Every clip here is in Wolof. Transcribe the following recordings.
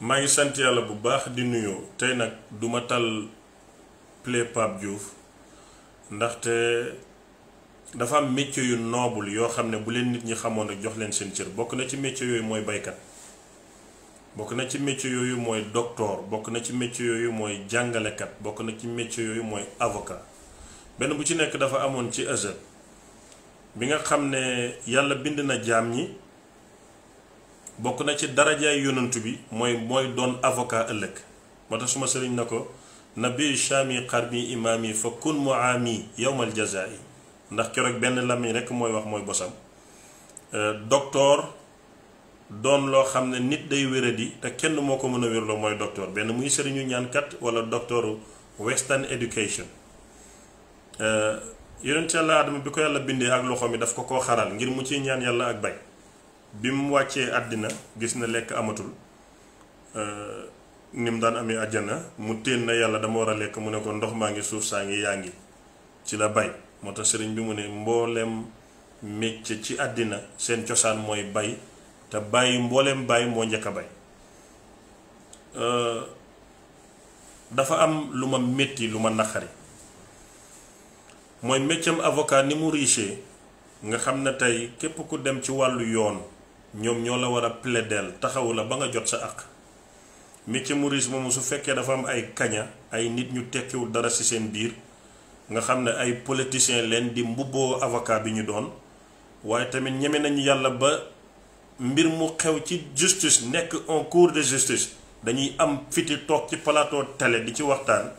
maa ngi sant yàlla bu baax di nuyoo tey nag duma tal play Pape Diouf ndaxte dafa am métier yu noble yoo xam ne bu leen nit ñi xamoon ak jox leen seen cër bokk na ci métier yooyu mooy baykat bokk na ci métier yooyu mooy docteur bokk na ci métier yooyu mooy jàngalekat bokk na ci métier yooyu mooy avocat benn bu ci nekk dafa amoon ci ëzët bi nga xam ne yàlla bind na jaam ñi bokk na ci darajaay yonantu bi mooy mooy doon avocat ëllëg moo tax suma sëriñ na ko nabi shami xarmi imaami fa kun muami yowmal jazaa'i ndax keroog benn lamiñ rekk mooy wax mooy bosam euh, docteur doon loo xam ne nit day wéradi te kenn moo ko mën a wérloo mooy docteur benn muy sëriñu ñaankat walla docteuru western education euh, yonent yàlla adama bi ko yàlla bindee ak loxo mi daf ko ko xaral ngir mu ciy ñaan yàlla ak bañ bi mu wàccee àddina gis na lekk amatul euh, ni mu daan amee àjjana mu téen na yàlla dama war a lekk mu ne ko ndox maa ngi suuf saa ngi yaa ngi ci la bay moo tax sëriñ bi mu ne mbooleem métier ci àddina seen cosaan mooy bay te bàyyi mbooleem bàyyi moo njëkk a bay euh, dafa am lu ma métti lu ma naqari mooy métier am avocat ni mu riche nga xam ne tey képp ku dem ci wàllu yoon ñoom ñoo la war a plaidel taxawu la ba nga jot sa àq métier muris moomu su fekkee dafa am ay kaña ay nit ñu tekkiwul dara ci seen biir nga xam ne ay politiciens leen di mbubboo avocat bi ñu doon waaye tamit ñeme nañu yàlla ba mbir mu xew ci justice nekk en cours de justice dañuy am fiti toog ci plateau tele di ci waxtaan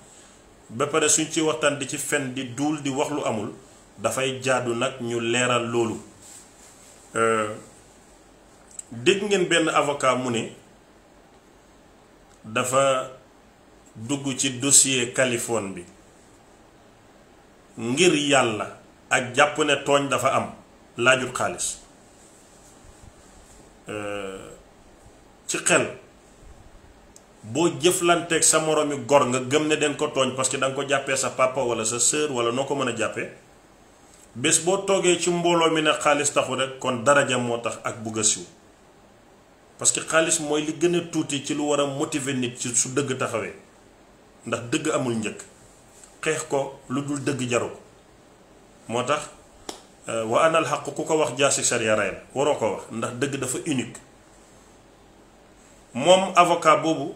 ba pare suñ ci waxtaan di ci fen di duul di wax lu amul dafay jaadu nag ñu leeral loolu euh, dégg ngeen benn avocat mu ne dafa dugg ci dossier kalifon bi ngir yàlla ak jàpp ne tooñ dafa am laajut xaalis euh, ci xel boo jëflanteeg sa moroomi gor nga gëm ne den ko tooñ parce que da ko jàppee sa papa wala sa sœur wala noo ko mën a jàppee bés boo toogee ci mbooloo mi ne xaalis taxu rek kon daraja moo tax ak bugg siw parce que xaalis mooy li gën a tuuti ci lu war a motiver nit su dëgg taxawee ndax dëgg amul njëkk xeex ko lu dul dëgg jaru ko moo tax euh, wa anal xaq ku ko wax jaasi sariya rey waroo ko wax ndax dëgg dafa unique moom avocat boobu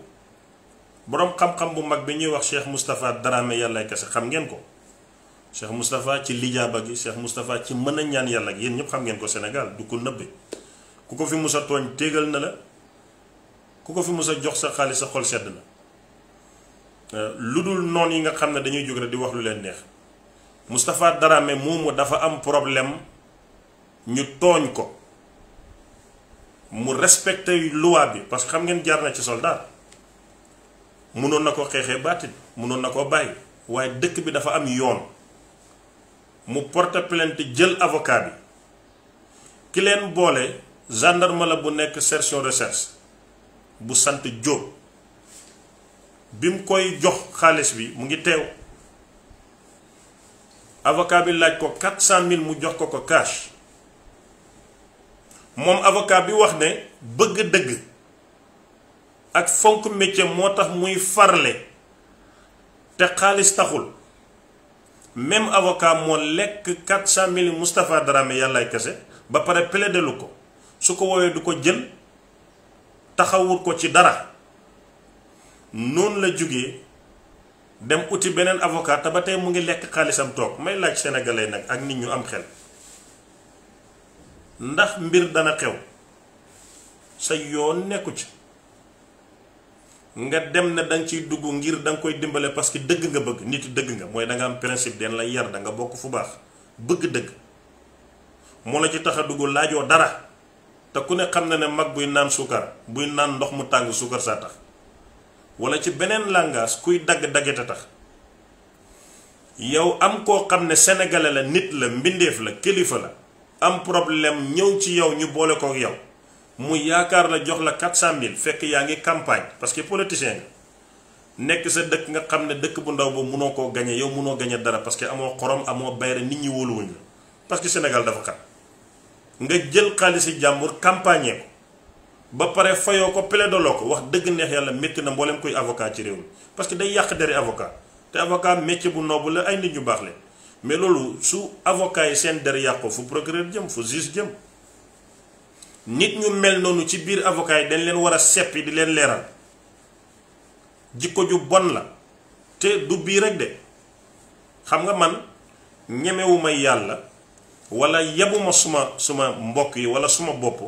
boroom xam-xam bu mag bi ñuy wax Cheikh Moustapha Dramé yàllay kese xam ngeen ko Cheikh Moustapha ci lijaaba gi Cheikh Moustapha ci mën a ñaan yàlla gi yéen ñëpp xam ngeen ko Sénégal du ko nëbbe ku ko fi mus a tooñ téegal na la ku ko fi mus a jox sa xaalis sa xol sedd na euh, lu dul noon yi nga xam ne dañuy jóg rek di wax lu leen neex Moustapha Darame moomu dafa am problème ñu tooñ ko mu respecté loi bi parce que xam ngeen jaar na ci soldat mënoon na ko xeexee baatit mënoon na koo bàyyi waaye dëkk bi dafa am yoon mu porte plainte jël avocat bi ki leen boole gendarme la bu nekk section recherche bu sant jóo bi mu koy jox xaalis bi mu ngi teew avocat bi laaj ko quatre cent mille mu jox ko ko cash moom avocat bi wax ne bëgg dëgg ak fonk métier moo tax muy farle te xaalis taxul même avocat moo lekk quatre cent mille Moustapha Dramé yàllaay kese ba pare plaider lu ko su ko woowee du ko jël taxawut ko ci dara noonu la jógee dem uti beneen avocat te ba tey mu ngi lekk xaalisam toog may laaj sénégalais nag ak nit ñu am xel ndax mbir dana xew sa yoon nekku ci nga dem ne dañ ciy dugg ngir danga koy dimbale parce que dëgg nga bëgg nit dëgg nga mooy danga am principe den la yar danga bokk fu baax bëgg dëgg moo la ci taxa duggu dugg laajoo dara te ku ne xam na ne mag buy naan suukar buy naan ndox mu tàng suukar saa tax wala ci beneen langage kuy dagg-daggete tax yow am koo xam ne sénégalais la nit la mbindeef la kilifa la am problème ñëw ci yow ñu boole kook yow mu yaakaar la jox la 400000 fekk yaa ngi campagne parce que politicien nekk sa dëkk nga xam ne dëkk bu ndaw boobu munoo koo gañe yow munoo gañee dara parce que amoo xorom amoo bayre nit ñi wóoluwuñ la parce que Sénégal dafa xat nga jël xaalisi jàmbur campagne ko ba pare fayoo ko plaideloo ko wax dëgg neex yàlla métti na mboolem koy avocat ci réew mi parce que day yàq deri avocat te avocat métier bu noobu la ay nit ñu baax leen mais loolu su avocat yi seen der yàqoo fu procureur jëm fu juge jëm nit ñu mel noonu ci biir avocat yi dañ leen war a seppi di leen leeral jikko ju bon la te du bii rek de xam nga man ñemewuma yàlla wala yabuma suma suma mbokk yi wala suma bopp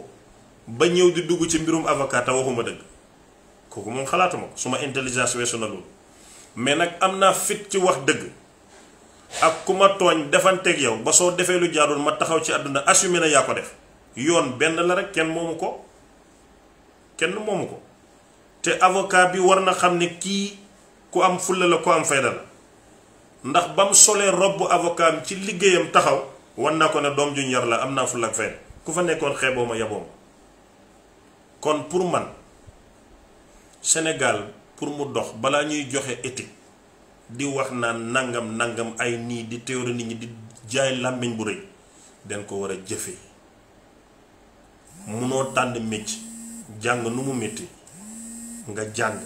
ba ñëw di dugg ci mbirum avocat te waxuma dëgg kooku moom xalaatuma ko suma intelligence weesu na loolu mais nag am naa fit ci wax dëgg ak ku ma tooñ defanteeg yow ba soo defee lu jaadul ma taxaw ci àdduna assumé na yaa ko def yoon benn la rek kenn moomu ko kenn moomu ko te avocat bi war na xam ne kii ku am fulla la ku am fayda la ndax bam solee robb avocat am ci liggéeyam taxaw wan naa ko ne doom juñ yar la am naa fu ak fenn ku fa nekkoon xeeboo ma yaboom kon pour man Sénégal pour mu dox balaa ñuy joxe éthique di wax naan nangam nangam ay nii di théorie nit ñi di jaay làmbiñ bu rëy dañ ko war a jëfe munoo tànn mécc jàng nu mu métti nga jàng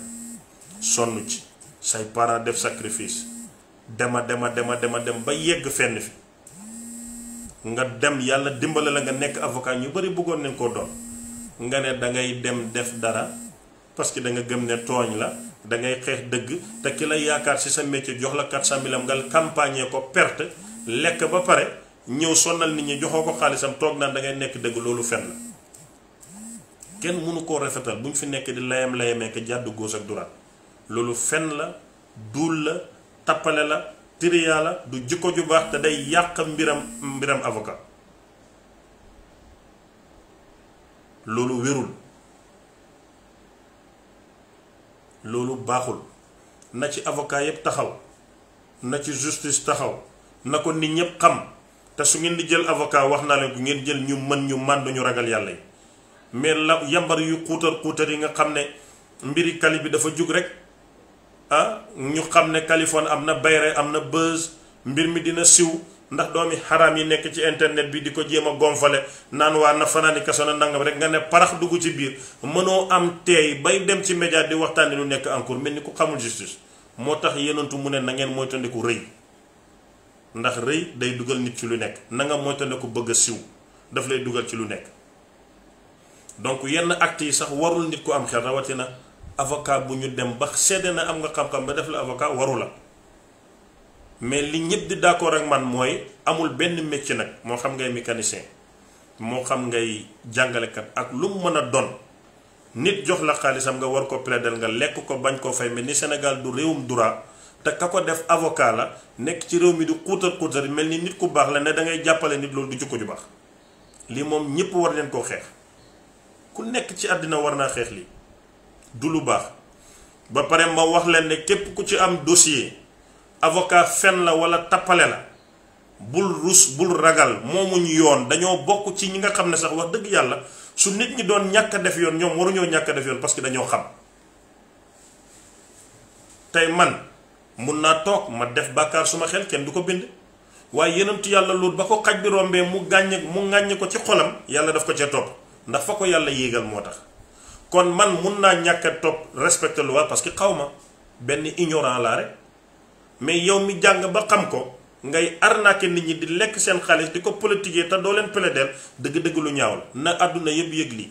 sonn ci say parents def sacrifice dema dema dema dema dem ba yegg fenn fi nga dem yàlla dimbale la nga nekk avocat ñu bari bëggoon nañ koo doon nga ne da ngay dem def dara parce que da nga gëm ne tooñ la dangay xeex dëgg te ki la yaakaar si sa métier jox la 400 000 am nga campagne ko perte lekk ba pare ñëw sonnal nit ñi joxoo ko xaalisam toog naan da ngay nekk dëgg loolu fen la kenn mënu koo rafetal bu ñu fi nekk di layam layamee ko jàddu góos ak duraat loolu fen la duul la tappale la. tiriyaa la du jikko ju baax te day yàq mbiram mbiram avocat loolu wérul loolu baaxul na ci avocat yépp taxaw na ci justice taxaw na ko nit ñépp xam te su ngeen di jël avocat wax naa leen bu ngeen jël ñu mën ñu mànd ñu ragal yàlla yi mais la yambar yu xuutar xuutar yi nga xam ne mbiri kali bi dafa jug rek ah ñu xam ne Californie am na bayre am na buzz mbir mi dina siw ndax doomi xaraam yi nekk ci internet bi di ko jéem a gonfale naan waa na fanaani kaso na nangam rek nga ne parax dugg ci biir mënoo am teey bay dem ci média di waxtaani lu nekk encore mel ni ku xamul justice moo tax yenantu mu ne na ngeen moytandiku rëy ndax rëy day dugal nit ci lu nekk na nga moytandiku bëgg siw daf lay dugal ci lu nekk donc yenn actes yi sax warul nit ku am xel rawatina avocat bu ñu dem ba seede na am nga xam-xam ba def la avocat waru la mais li ñëpp di d'accord ak man mooy amul benn métier nag moo xam ngay mécanicien moo xam ngay jàngalekat ak lu mu mën a doon nit jox la xaalisam nga war ko plaider nga lekk ko bañ koo fay mel ni senegal du réewum droit te ka ko def avocat la nekk ci réew mi di xuutal xuutal mel ni nit ku baax la ne da ngay jàppale nit loolu du jikko ju baax lii moom ñëpp war leen koo xeex ku nekk ci àddina war naa xeex lii. du lu baax ba pare ma wax leen ne képp ku ci am dossier avocat fen la walla tappale la bul rus bul ragal moomuñu yoon dañoo bokk ci ñi nga xam ne sax wax dëgg yàlla su nit ñi doon ñàkk def yoon ñoom waruñoo ñàkk a def yoon parce que dañoo xam tey man mun naa toog ma def bàkkaar suma xel kenn du ko bind waaye yenentu yàlla loolu ba ko xaj bi rombee mu gàññ mu gàññ ko ci xolam yàlla daf ko ca topp ndax fa ko yàlla yéegal moo tax kon man mun naa ñàkk a topp lu loi parce que xawma benn ignorant laa rek mais yow mi jàng ba xam ko ngay arnaqué nit ñi di lekk seen xaalis di ko politiquer te doo leen plaider dëgg-dëgg lu ñaaw na àdduna yëpp yëg lii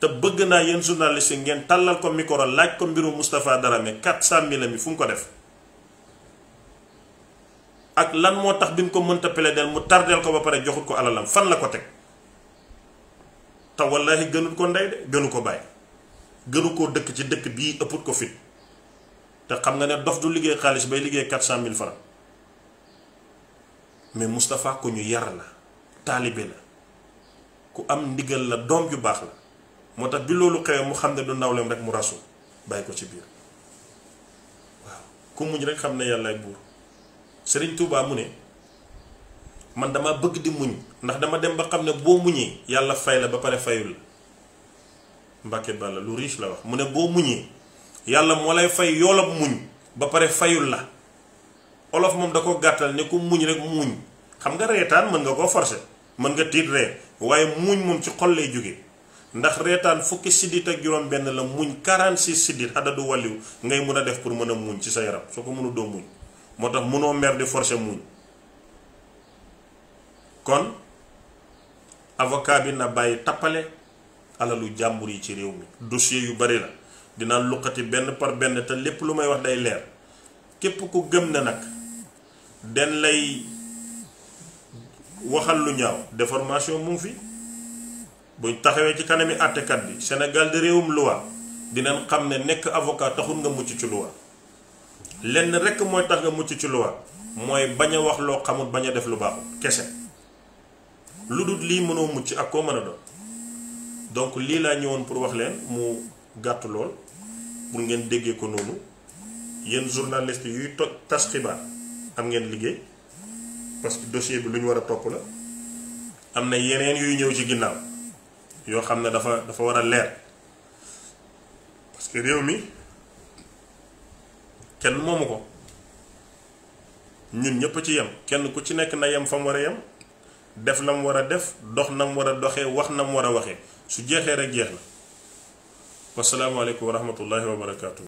te bëgg naa yéen journaliste ngeen tàllal ko micro laaj ko mbiru Moustapha Darame 400 mille mi fu mu ko def ak lan moo tax bi mu ko mënta plaider mu tardeel ko ba pare joxut ko alalam fan la ko teg te wallahi gënul ko ndey de gënu ko bàyyi gënu koo dëkk ci dëkk bii ëpput ko fit te xam nga ne dox du liggéey xaalis bay liggéey quatre cent mille francs mais Moustapha ku ñu yar la taalibe la ku am ndigal la doom ju baax la moo tax bi loolu xewee mu xam ne du nawleem rek mu rasu bàyyi ko ci biir waaw ku muñ rek xam ne yàllaay buur Sëriñ Tuubaa mu ne man dama bëgg di muñ ndax dama dem ba xam ne boo muñee yàlla fay la ba pare fayul la Mbàkke Balla lu riis la wax mu ne boo muñee yàlla moo lay fay yoolab muñ ba pare fayul la olof moom da ko gàttal ne ku muñ rek muñ xam nga reetaan mën nga koo forcer mën nga tiit ree waaye muñ moom ci xol lay jóge ndax reetaan fukki siddit ak juróom benn la muñ 46 siddit adadu wàlliw ngay mun a def pour mën a muñ ci sa yaram soo ko mënu doo muñ moo tax mënoo mer di forcer muñ kon avocat bi na bàyyi tappale alalu jàmbur yi ci réew mi dossier yu bari la dinaa luqati benn par benn te lépp lu may wax day leer képp ku gëm ne nag den lay waxal lu ñaaw déformation mu fi buñ taxawee ci kanami àttekat bi senegal di réewum luwa dinañ xam ne nekk avocat taxul nga mucc ci luwa lenn rekk mooy tax nga mucc ci luwa mooy bañ a wax loo xamul bañ a def lu baaxul kese lu dul lii mënoo mucc ak koo mën a do donc lii laa ñëwoon pour wax leen mu gàtt lool pour ngeen déggee ko noonu yéen journaliste yuy toj tas xibaar am ngeen liggéey parce que dossier bi lu ñu war a topp la am na yeneen yuy ñëw ci ginnaaw yoo xam ne dafa dafa war a leer parce réew mi kenn moomu ko ñun ñëpp ci yem kenn ku ci nekk na yem fa mu war a yem. def la mu war a def dox na mu war a doxee wax na mu war a waxee su jeexee rek jeex na wasalaamualeykum wa rahmatullahi wa barakaatu.